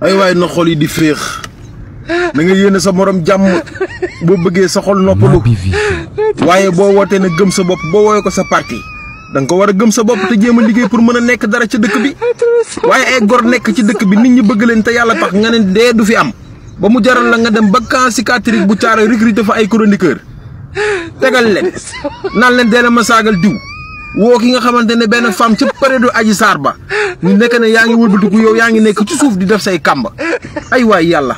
ay way na xol yi di feex da nga yene sa morom jam bo beugé sa xol noppalu waye bo woté na gëm sa bop bo woyé ko sa parti da nga ko war gëm sa bop te jéem liggéey pour mëna nekk dara ci dëkk bi waye ay gor nekk ci dëkk bi nit ñi bëgg leen te yalla tax nga ne dé du fi am ba mu jaral la nga dem ba ka psychiatrique bu ciara recruter fa ay chroniqueur tegal leen nal leen dé la ma sagal diw woo ki nga xamante ne benn femme ca période aji saar ba ñu nekk ne yaa ngi wëlbatiku yow yaa ngi nekk ci suuf di def say kàmb ay waay yàlla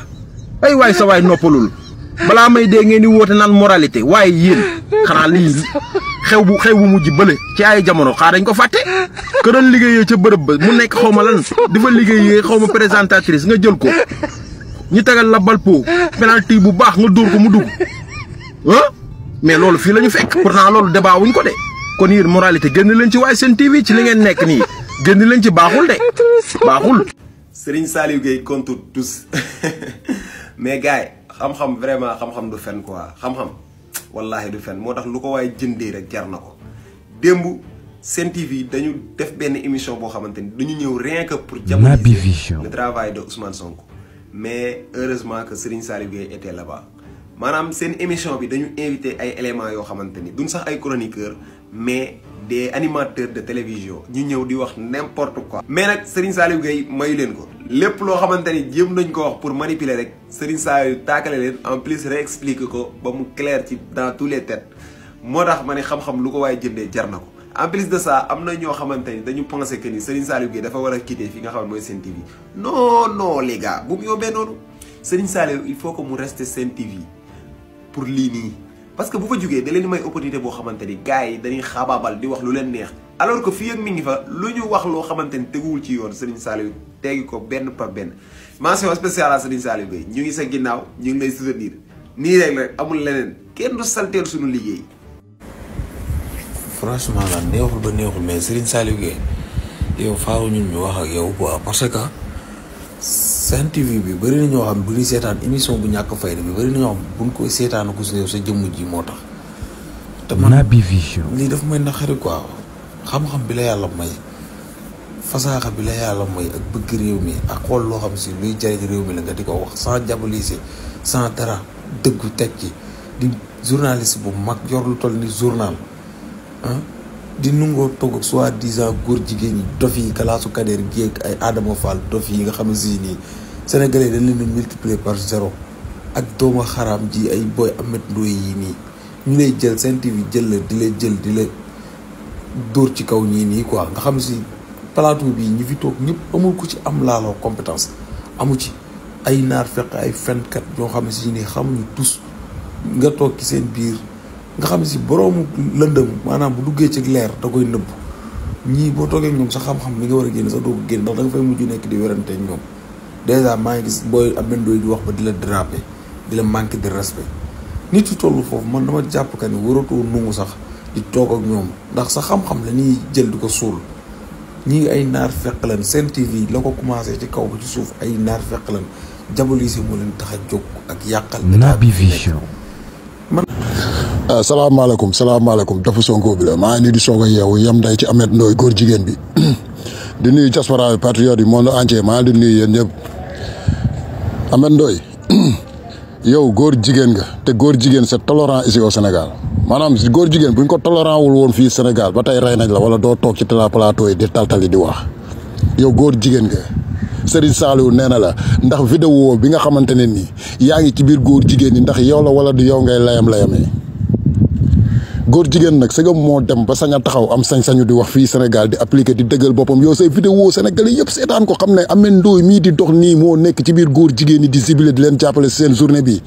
ay waay sawaay noppalul balaa may dee ngeen di woote naan moralité waaye yéen xanaa lii xew bu xew bu mujj bële ci ay jamono xaa dañ ko fàtte que doon liggéeyee ca bërëb ba mu nekk xaw ma lan di fa liggéeyee xaw ma présentatrice nga jël ko ñu tegal la bal po penalty bu baax nga dóor ko mu dugg ah loolu fii la ñu fekk loolu débat wuñ ko de. kon yéen moralité génn leen ci waaye seen TV ci li ngeen nekk nii génn leen ci baaxul de baaxul. Serigne Saliou Gueye contre tous mais gars yi xam-xam vraiment xam-xam du fen quoi xam-xam wallahi du fen moo tax lu ko waaye jëndee rek jar na ko démb. Sen TV dañu def benn émission boo xamante ni dañu ñëw rien que pour diaboliser le travail de Ousmane Sonko mais heureusement que Serigne Saliou Gueye était là maanaam seen émission bi dañu invité ay éléments yoo xamante ni duñ sax ay chroniqueurs mais des animateurs de télévision ñu ñëw di wax n'importe quoi. mais nag Serigne Saliou Gueye mayu leen ko lépp loo xamante ni jéem nañ ko wax pour manipuler rek Serigne Saliou taakale leen en plus réexplique ko ba mu clair ci dans tous les têtes moo tax ma ni xam-xam lu ko waaye jëndee jar na ko. en plus de ça am na ñoo xamante ni dañu pensé que ni Serigne Saliou Gueye dafa war a quitter fi nga xam mooy Sen TV non non les gars bu mu yombee noonu Serigne Saliou il faut que mu reste Sen pour lii nii. parce que bu fa jugee da leen may opportunité boo xamante ni gars yi dañuy xaabaabal di wax lu leen neex alors que fi ak mi ngi fa lu ñu wax loo xamante ni teguwul ci yoon Serigne Saliou teggi ko benn par benn mention spéciale a Serigne Saliou Gueye ñu ngi sa ginnaaw ñu ngi lay soutenir nii rek rek amul leneen kenn du salteel suñu liggéey franchement la neexul ba neexul mais Serigne Saliou Gueye yow faaw ñu wax ak yow quoi parce que Sen TV bi bari na ñoo xam bu ñu seetaan émission bu ñàkk fay fayda bi bëri na ñoo xam buñ koy seetaan ko si yow sa jëmm ji moo tax. te man bii fii lii dafa may naqari quoi xam-xam bi la yàlla may fasaaxa bi la yàlla may ak bëgg réew mi ak xool loo xam si luy jariñ réew mi la nga di ko wax sans diaboliser sans dara dëggu teg ci di journaliste bu mag yor lu toll ni journal ah. di nungoo toog soit soi-disant góor jigéen ñi dof yi kalaasu kadeer géeg ay Adama Fall dof yi nga xam ne si nii sénégalais dañ leen a multiplier par zéro ak doomu xaraam ji ay booy amet ndooy yi nii ñu lay jël seen TV jël la di la jël di la dóor ci kaw ñii nii quoi nga xam si plateau bi ñu fi toog ñëpp amul ko ci am laalo compétence amu ci ay naar fekk ay fenkat ñoo xam ne si nii xamuñu tus nga toog ci seen biir nga xam si boroomu lëndëm maanaam bu duggee ci leer da koy nëbb ñii boo toogee ñoom sa xam-xam bi nga war a génn sax doo ko génn ndax da nga fay mujj nekk di werante ñoom dèjà maa ngi gis booy am benn doy di wax ba di la draper di la manquer de respect nit yu toll foofu man dama jàpp que ni waratoo nungu sax di toog ak ñoom ndax sa xam-xam la jël di ko suul ñii ay naar fekk lan seen TV la ko commencé ci kaw ba ci suuf ay naar fekk lan diaboliser moo leen tax a jóg ak yàqal. bii Vision. Euh, salaamaaleykum salaamaaleykum dafa Sonko bi la maa ngi nii di soog yeewu yem day ci Ameth Ndoye góor jigéen bi di nuyu diaspora bi patriote yi monde entier maa ngi di nuyu yéen ñëpp Ameth Ndoye yow góor jigéen nga te góor jigéen sa tolérant ici au Sénégal maanaam góor jigéen bu ñu ko tolérant wul woon fii Sénégal ba tey rey nañ la wala doo toog ci télé plateau yi di taltali di wax yow góor jigéen nga Serigne Saliou nee na la ndax vidéo bi nga xamante ne nii yaa ngi ci biir góor jigéen ñi ndax yow la wala du yow ngay layam-layamee góor jigéen nag sëgam moo dem ba sañ a taxaw am sañ-sañu di wax fii Sénégal di appliquer di dëggal boppam yow say vidéo sénégalais yëpp seetaan ko xam ne amee ndooy mii di dox nii moo nekk ci biir góor jigéen ñi di sibile di leen jàppale seen journée bi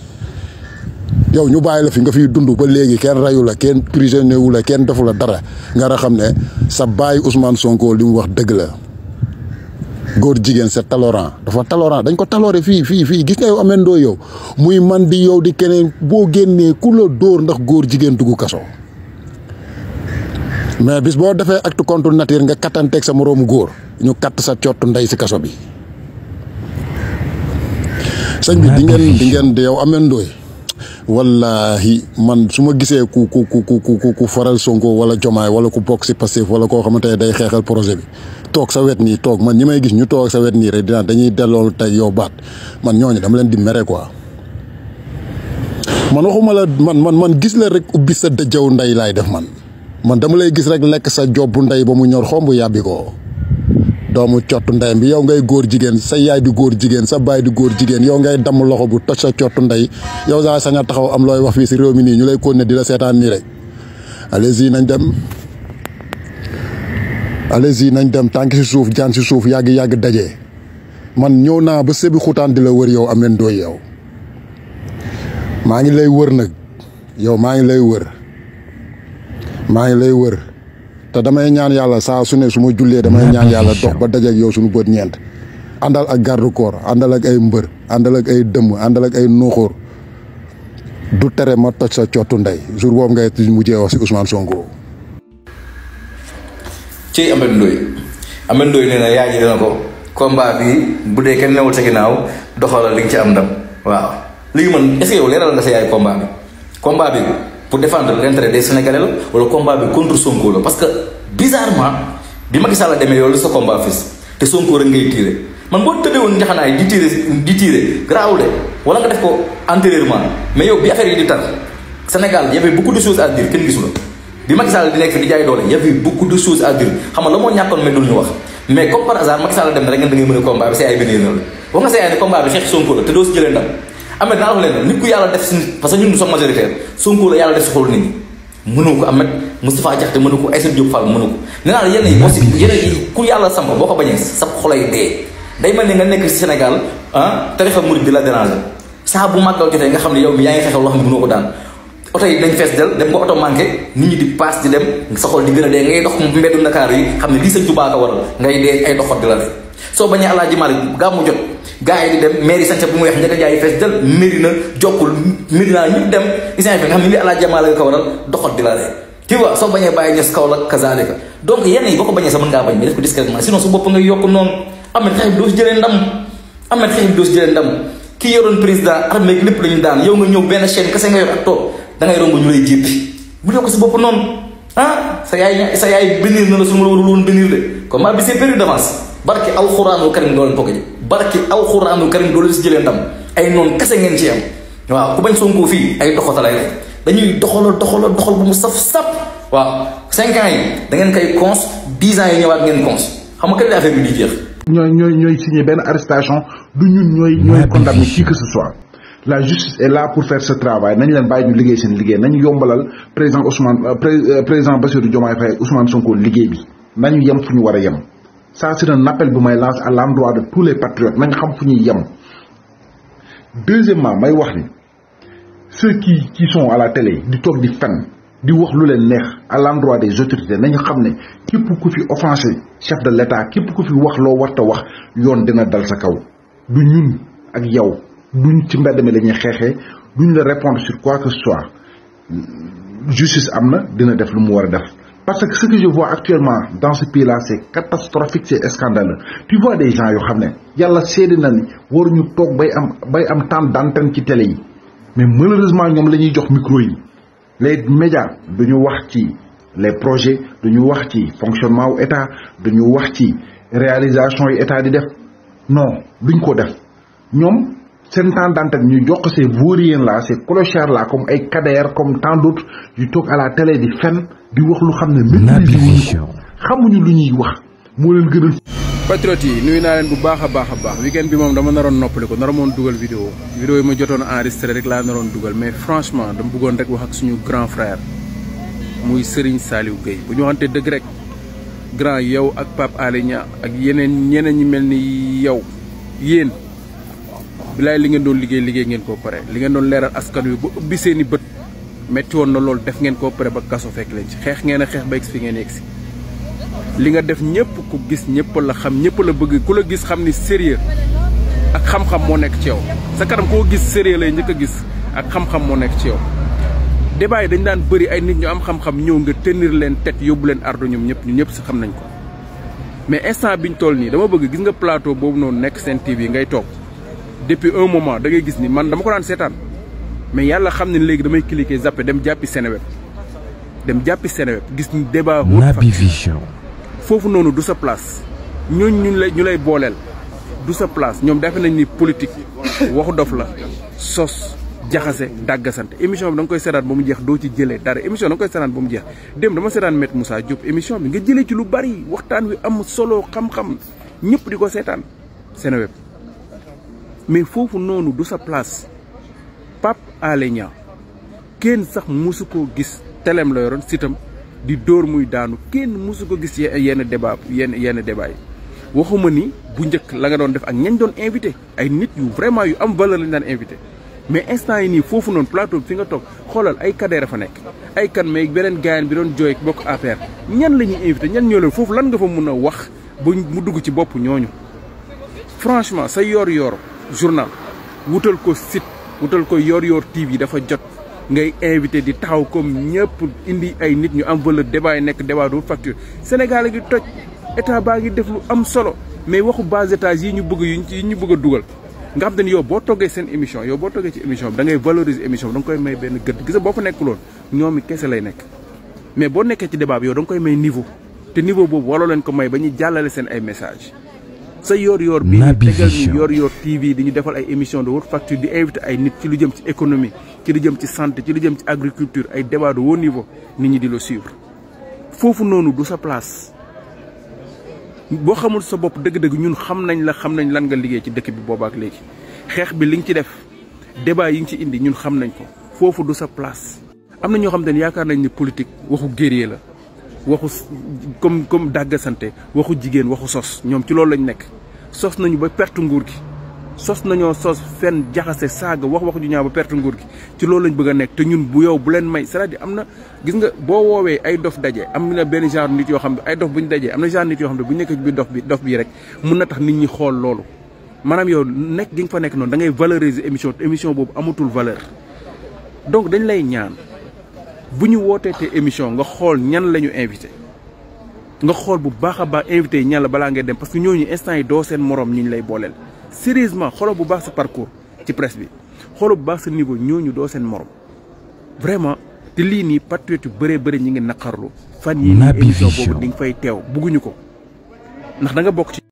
yow ñu bàyyi la fi nga fi dund ba léegi kenn rayu la kenn prisonnier wu la kenn defu la dara nga a xam ne sa baay Ousmane Sonko li mu wax dëgg la góor jigéen c'est talorant dafa talorant dañ ko taloré fii fii fii gis nga yow ameen doo yow muy man di yow di keneen boo génnee ku dóor ndax góor jigéen dugg kaso mais bis boo defee acte contre nature nga kattanteeg sa moroomu góor ñu katt sa cott ndey si kaso bi. sëñ bi di ngeen di ngeen di yow ameen ndooy wallahi man su ma gisee ku ku ku ku ku faral Sonko wala Jomaay wala ku bokk si Pastef wala koo xamante ne day xeexal projet bi toog sa wet nii toog man ñi may gis ñu toog sa wet nii rek dinaa dañuy delloo tey yow baat man ñooñu dama leen di mere quoi. man waxuma la man man man gis la rek ubbi sa dëjëw ndey laay def man. man dama lay gis rek lekk sa jobbu ndey ba mu ñor xomb yàbbi ko doomu cottu ndeyam bi yow ngay góor jigéen sa yaay di góor jigéen sa baay di góor jigéen yow ngay damm loxo bu toj sa cottu ndey yow saa sañ taxaw am looy wax fii si réew mi nii ñu lay continuer di la seetaan nii rek allez-y nañ dem allez nañ dem tànk si suuf jaan si suuf yàgg-yàgg daje man ñëw naa ba sébi xutaan di la wër yow am leen dooy yow maa ngi lay wër nag yow maa ngi lay wër maa ngi lay wër te damay ñaan yàlla saa su ne su jullee damay ñaan yàlla dox ba dajeeg yow suñu bët ñeent àndal ak garde corps àndal ak ay mbër àndal ak ay dëmm àndal ak ay nuuxóor du tere ma toj sa cottu ndey jour boobu ngay mujjee wax si Ousmane Sonko. ci Ameth Ndoye Ameth Ndoye nee na yaa ji dana ko combat bi bu dee kenn newul sa ginnaaw doxalal li nga ci am ndam waaw léegi man est-ce que yow leeral nga sa yaay combat bi combat bi. pour défendre l'intérêt des Sénégalais la wala combat bi contre Sonko la parce que bizarrement bi Macky Sall demee yow la sa combat fis te Sonko rek ngay tiire man boo tëddee woon njaxanaay di tiire di tiire garaawul de wala nga def ko antérieurement mais yow bi affaire yi di tar Sénégal y avait beaucoup de choses à dire kenn gisu bi Macky Sall di nekk fi di jaay doole y avait beaucoup de choses à xam nga la moo ñàkkoon mais duñu wax mais comme par na Ahmed naa wax leen nit ku yalla def si nit parce que ñun nous majorité majoritaire Sonko la yalla def si xol nit ñi mënu ko Ahmed Moustapha Diakhaté mënu ko Aïssatou Diop Fall mënu ko nee la yene yi aussi yene yi ku yalla samp boko ko sa xolay dé day mel ni nga nek ci Sénégal ah tarifa mourid bi la déranger sa bu màggal jotté nga xamni yow mi yaa ngi wax loo xam ko daan auto yi dañ fess del dem ko auto manké nit ñi di pass di dem sa xol di gëna dé ngay dox mbeddu nakar yi xamni li sa jubaa ko waral ngay dé ay doxot di la dé so soo bañee malik ga mu jot gars yi di dem mairie sanca bu mu weex njëkk jaay fees dal mairie na jokkul mairie naa ñëpp dem isaan fi nga xam ne li àlaa jamaa la nga ko waral doxat di la ree tu vois soo bañee bàyyi kaw la kazalika donc yenn yi boo ko bañee sax mën ngaa bañ mais def ko discrètement sinon su bopp nga yokk noonu amet xeex bi doo si jëlee ndam amet xeex bi doo si jëlee ndam kii yoroon président armée gi lépp lañu daan yow nga ñëw benn chaîne kese nga yor ak toog da ngay romb ñu lay jéppi bu yokk si bopp noonu ah sa yaay sa yaay bénir na la su ma la warul woon bénir de comme bi barki alxuraanul karim do leen ko gëj barki alxuraanul karim do leen si jëlee ndam ay non kasse ngeen ci am waaw ku bañ Sonko fi ay doxotalay rek dañuy doxala doxala doxal bu mu saf-saf waaw 5 ans yi da ngeen koy cons dix ans yi ñëwaat ngeen cons xam nga kañ la affaire bi di jeex. ñoy ñoy ñooy signé ben arrestation du ñun ñoy ñoy condamné ci que ce soit la justice est là pour faire ce travail nañ leen bàyyi ñu liggéey seen liggéey nañ yombalal président Ousmane euh, euh, président Bassirou Diomaye Faye Ousmane Sonko liggéey bi nañu yem fu ñu wara a yem ça c'est un appel bu may lancer à l'endroit de tous les patriotes na nga xam fu ñuy yem deuxièmement may wax ni ceux qui qui sont à la télé di toog di fan, di wax lu leen neex à l'endroit des autorités nañu xam ne képp ku fi offensé chef de l'État képp ku fi wax loo warta wax yoon dina dal sa kaw du ñun ak yow duñ ci mbedd mi la ñuy xeexee duñ la répondre sur quoi que ce soit justice amna, dina def lu mu wara def parce que ce que je vois actuellement dans ce pays-là, c'est catastrophique, c'est scandaleux. Tu vois des gens, yo xamné, yalla la série ni tok bay am bay am temps d'antenne qui télé yi. Mais malheureusement nous lañuy jox micro yi. Les médias nous wax ci les projets, dañu wax ci fonctionnement wu état, dañu wax ci réalisation yi état di def. Non, duñ ko def. seen tendante ak ñu jox ces vauriens là c'est clochards là comme ay cadère comme tant d'autres yu toog à la télé di fen di wax lu xam ne xamuñu lu ñuy wax moo leen gënal patriote yi nuyu naa leen bu baax a baax weekend bi moom dama naroon noppali ko naroon dugal vidéo vidéo yi ma jotoon enregistré rek laa naroon dugal mais franchement dama bëggoon rek wax ak suñu grand frère muy Serigne Saliou Gueye bu ñu waxante dëgg rek grand yow ak Pape Alé ak yeneen ñeneen ñi mel yow yéen bilaay li ngeen doon liggéey liggéey ngeen koo pare li ngeen doon leeral askan wi ba ubbi bi seeni bët métti woon na loolu def ngeen koo pare ba kaso fekk leen ci xeex ngeen a xeex ba egg fi ngeen egg si li nga def ñëpp ku gis ñëpp la xam ñëpp la bëgg ku la gis xam ni sérieux ak xam-xam moo nekk ci yow sa kanam koo gis sérieux lay njëkk a gis ak xam-xam moo nekk ci yow débat yi dañ daan bëri ay nit ñu am xam-xam ñëw nga tenir leen tête yóbbu leen ardo ñoom ñëpp ñu ñëpp si xam nañ ko mais instant biñ toll nii dama bëgg gis nga plateau boobu noonu nekk seen TV ngay toog depuis un moment da ngay gis ni man dama ko dan seetaan mais yalla xamni ne damay cliquer zappé dem jappi Seneweb dem jappi Seneweb gis ni débat. Naby Vision. foofu noonu du sa place ñooñu ñu lay ñu lay booleel du sa place ñom def nañ ni politique waxu dof la sos jaxase dàggasante émission bi dang koy sétane ba mu jeex do ci jëlee dara émission dang koy sétane ba mu jeex dem dama sétane met Moussa Diop émission bi nga jëlee ci lu bari waxtan wi am solo xam-xam ñepp diko sétane seetaan Seneweb mais foofu noonu du sa place Pape Alé Niang kenn sax mosu ko gis teleem la yoroon sitam di dóor muy daanu kenn mosu ko gis yenn débat yenn yenn débat yi waxuma ni bu njëkk la nga doon def ak ñañ doon invité ay nit yu vraiment yu am valeur lañ daan invité mais instant ni faut que nous plateau bi fi nga toog xoolal ay kadeera fa nekk ay kan may beneen gaayan bi doon jooy bokk affaire ñan la invité ñan ñoo leen foofu lan nga fa mun a wax ba mu dugg ci ñooñu franchement sa yor yor. journal wutal ko sit wutal ko Yoor Yoor yi dafa jot ngay invité di taxaw comme ñëpp indi ay nit ñu am valeur débat yi nekk débat du facture Sénégal a ngi toj état baa ngi def lu am solo mais waxu bas étage yi ñu bëgg yi ñu bëgg dugal nga xam te ni yow boo toggee seen émission yow boo toggee ci émission bi da ngay valoriser émission bi da nga koy may benn gëdd gis boo fa nekk loon ñoom i kese lay nekk mais boo nekkee ci débat bi yow da nga koy may niveau te niveau boobu waroo leen ko may ba ñuy jàllale seen ay message sa yoor yoor bi tegal ñu yoor yoor TV di ñu defal ay émission de haute facture di invité ay nit ci lu jëm ci économie ci lu jëm ci santé ci lu jëm ci agriculture ay débat de haut niveau nit ñi di la suivre foofu noonu du sa place boo xamul sa bopp dëgg-dëgg ñun xam nañ la xam nañ lan nga liggéey ci dëkk bi boobaak léegi xeex bi li nga ci def débat yi nga ci indi ñun xam nañ ko foofu du sa place am na ñoo xam te ne yaakaar nañ ni politique waxu guerrier la waxu comme comme dàggasante waxu jigéen waxu sos ñoom ci loolu lañ nekk sos nañu ba perte nguur gi sos nañoo sos fenn jaxase saaga wax wax ju ñaaw ba perte nguur gi ci loolu lañ bëgg a nekk te ñun bu yow bu leen may cest à am na gis nga boo woowee ay dof daje am na benn genre nit yoo xam ne ay dof bu ñu dajee am na genre nit yoo xam ne bu nekk nekkee dof bi dof bii rek mën na tax nit ñi xool loolu maanaam yow nekk gi nga fa nekk noonu da ngay valoriser émission émission boobu amatul valeur donc dañ lay ñaan bu ñu wootee te émission nga xool ñan lañu invité nga xool bu baax a baax invité yi ñan la balaa ngay dem parce que ñooñu instant yi doo seen morom ñu ñu lay booleel. sérieusement xoolal bu baax sa parcours ci presse bi xoolal bu baax sa niveau ñu doo seen morom vraiment te lii nii patriote yu bëree bëri ñu ngi naqarlu fan yi émission boobu di nga fay teew bugguñu ko ndax da bokk ci.